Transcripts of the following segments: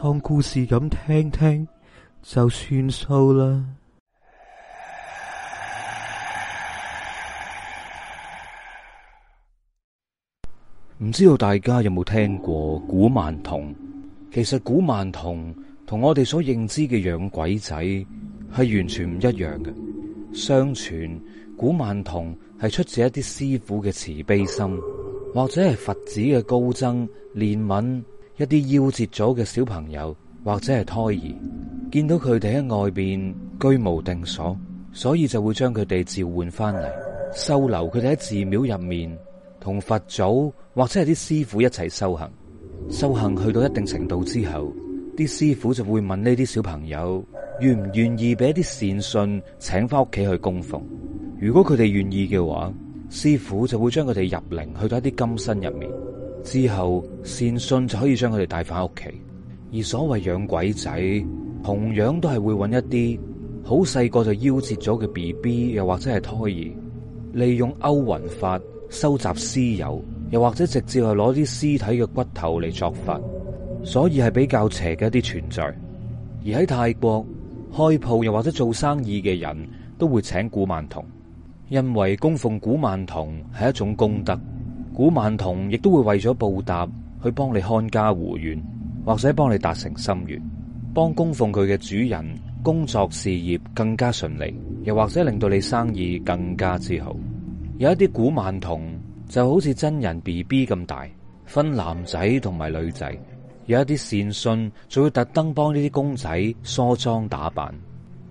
當故事咁聽聽就算數啦。唔知道大家有冇聽過古曼童？其實古曼童同我哋所認知嘅養鬼仔係完全唔一樣嘅。相傳古曼童係出自一啲師傅嘅慈悲心，或者係佛子嘅高僧憐憫。一啲夭折咗嘅小朋友或者係胎兒，見到佢哋喺外邊居無定所，所以就會將佢哋召喚翻嚟，收留佢哋喺寺廟入面，同佛祖或者係啲師傅一齊修行。修行去到一定程度之後，啲師傅就會問呢啲小朋友願唔願意俾一啲善信請翻屋企去供奉。如果佢哋願意嘅話，師傅就會將佢哋入靈去到一啲金身入面。之後善信就可以將佢哋帶翻屋企，而所謂養鬼仔，同樣都係會揾一啲好細個就夭折咗嘅 B B，又或者係胎兒，利用勾魂法收集屍油，又或者直接係攞啲屍體嘅骨頭嚟作法，所以係比較邪嘅一啲存在。而喺泰國開鋪又或者做生意嘅人都會請古曼童，因為供奉古曼童係一種功德。古曼童亦都會為咗報答，去幫你看家護院，或者幫你達成心願，幫供奉佢嘅主人工作事業更加順利，又或者令到你生意更加之好。有一啲古曼童就好似真人 B B 咁大，分男仔同埋女仔。有一啲善信仲會特登幫呢啲公仔梳妝打扮，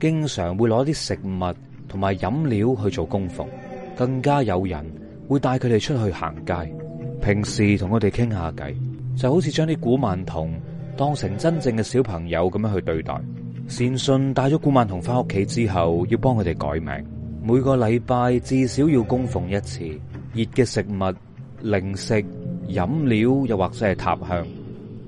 經常會攞啲食物同埋飲料去做供奉，更加有人。會帶佢哋出去行街，平時同佢哋傾下偈，就好似將啲古曼童當成真正嘅小朋友咁樣去對待。善信帶咗古曼童翻屋企之後，要幫佢哋改名，每個禮拜至少要供奉一次熱嘅食物、零食、飲料，又或者係塔香。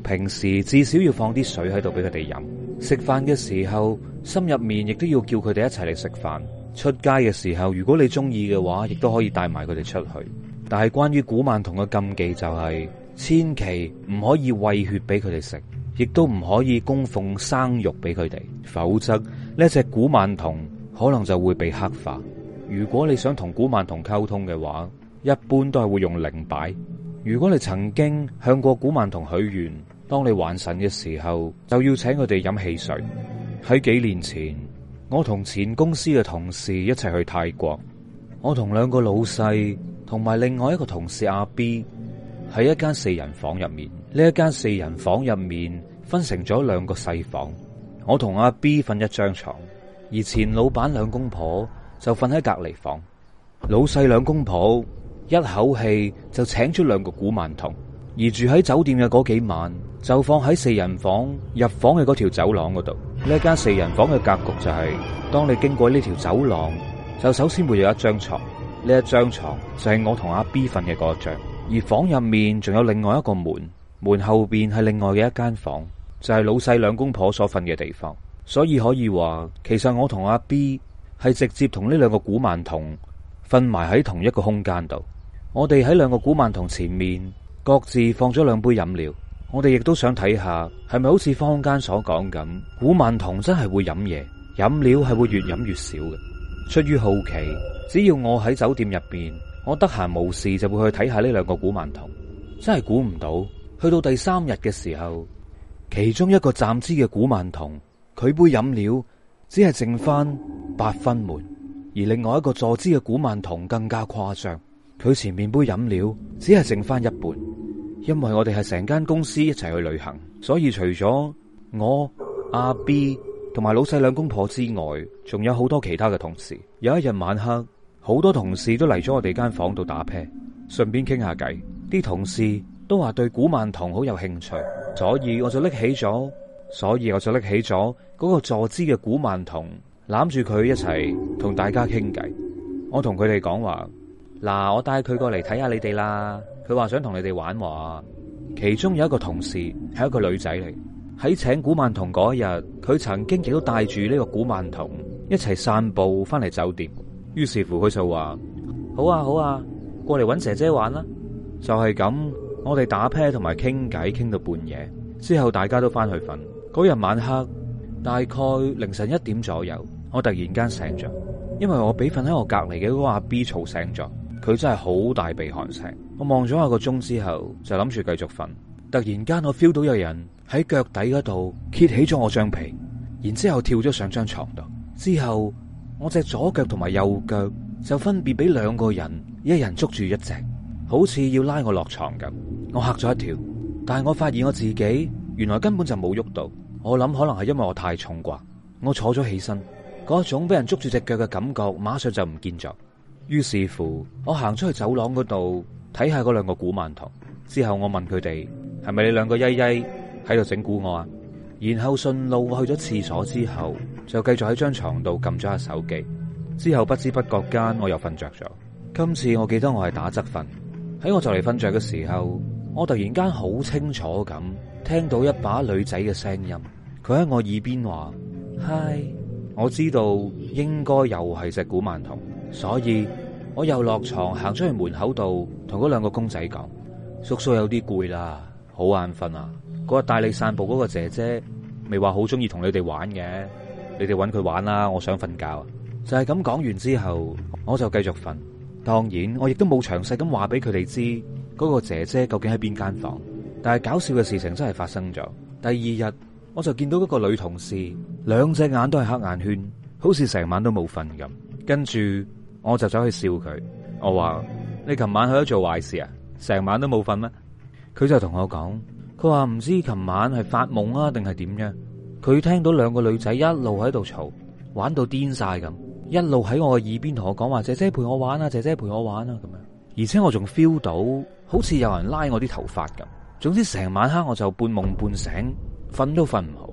平時至少要放啲水喺度俾佢哋飲。食飯嘅時候，心入面亦都要叫佢哋一齊嚟食飯。出街嘅時候，如果你中意嘅話，亦都可以帶埋佢哋出去。但係關於古曼童嘅禁忌就係，千祈唔可以餵血俾佢哋食，亦都唔可以供奉生肉俾佢哋，否則呢隻古曼童可能就會被黑化。如果你想同古曼童溝通嘅話，一般都係會用靈擺。如果你曾經向過古曼童許願，當你還神嘅時候，就要請佢哋飲汽水。喺幾年前。我同前公司嘅同事一齊去泰國。我同兩個老細同埋另外一個同事阿 B 喺一間四人房入面。呢一間四人房入面分成咗兩個細房。我同阿 B 瞓一張床，而前老闆兩公婆就瞓喺隔離房。老細兩公婆一口氣就請出兩個古曼童，而住喺酒店嘅嗰幾晚就放喺四人房入房嘅嗰條走廊嗰度。呢一間四人房嘅格局就係、是，當你經過呢條走廊，就首先會有一張床，呢一張床就係我同阿 B 瞓嘅嗰張。而房入面仲有另外一個門，門後邊係另外嘅一間房，就係、是、老細兩公婆所瞓嘅地方。所以可以話，其實我同阿 B 係直接同呢兩個古曼童瞓埋喺同一個空間度。我哋喺兩個古曼童前面各自放咗兩杯飲料。我哋亦都想睇下係咪好似坊間所講咁，古曼童真係會飲嘢，飲料係會越飲越少嘅。出於好奇，只要我喺酒店入邊，我得閒無事就會去睇下呢兩個古曼童。真係估唔到，去到第三日嘅時候，其中一個站姿嘅古曼童，佢杯飲料只係剩翻八分滿；而另外一個坐姿嘅古曼童更加誇張，佢前面杯飲料只係剩翻一半。因為我哋係成間公司一齊去旅行，所以除咗我、阿 B 同埋老細兩公婆之外，仲有好多其他嘅同事。有一日晚黑，好多同事都嚟咗我哋間房度打牌，順便傾下偈。啲同事都話對古曼童好有興趣，所以我就拎起咗，所以我就拎起咗嗰個坐姿嘅古曼童，攬住佢一齊同大家傾偈。我同佢哋講話。嗱，我帶佢過嚟睇下你哋啦。佢話想同你哋玩喎。其中有一個同事係一個女仔嚟。喺請古曼童嗰日，佢曾經亦都帶住呢個古曼童一齊散步翻嚟酒店。於是乎，佢就話：好啊，好啊，過嚟揾姐姐玩啦！就係咁，我哋打 pair 同埋傾偈，傾到半夜之後，大家都翻去瞓。嗰日晚黑，大概凌晨一點左右，我突然間醒咗，因為我俾瞓喺我隔籬嘅嗰個阿 B 吵醒咗。佢真係好大鼻鼾聲，我望咗一個鐘之後，就諗住繼續瞓。突然間，我 feel 到有人喺腳底嗰度揭起咗我張被，然之後跳咗上張床度。之後我隻左腳同埋右腳就分別俾兩個人，一人捉住一隻，好似要拉我落床咁。我吓咗一跳，但係我發現我自己原來根本就冇喐到。我諗可能係因為我太重啩。我坐咗起身，嗰種俾人捉住隻腳嘅感覺馬上就唔見咗。於是乎，我行出去走廊嗰度睇下嗰兩個古曼童，之後我問佢哋係咪你兩個曳曳喺度整蠱我啊？然後順路我去咗廁所之後，就繼續喺張床度撳咗下手機，之後不知不覺間我又瞓着咗。今次我記得我係打側瞓，喺我就嚟瞓着嘅時候，我突然間好清楚咁聽到一把女仔嘅聲音，佢喺我耳邊話：嗨，我知道應該又係隻古曼童。所以我又落床行出去門口度，同嗰兩個公仔講：叔叔有啲攰啦，好眼瞓啊！嗰日帶你散步嗰個姐姐，未話好中意同你哋玩嘅，你哋搵佢玩啦。我想瞓覺，就係咁講完之後，我就繼續瞓。當然，我亦都冇詳細咁話俾佢哋知嗰個姐姐究竟喺邊間房。但係搞笑嘅事情真係發生咗。第二日，我就見到嗰個女同事兩隻眼都係黑眼圈，好似成晚都冇瞓咁。跟住。我就走去笑佢，我話你琴晚去咗做壞事啊，成晚都冇瞓咩？佢就同我講，佢話唔知琴晚係發夢啊，定係點樣？佢聽到兩個女仔一路喺度嘈，玩到癲晒咁，一路喺我嘅耳邊同我講話，姐姐陪我玩啊，姐姐陪我玩啊咁樣。而且我仲 feel 到好似有人拉我啲頭髮咁。總之成晚黑我就半夢半醒，瞓都瞓唔好。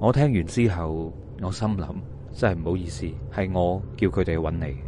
我聽完之後，我心諗真係唔好意思，係我叫佢哋揾你。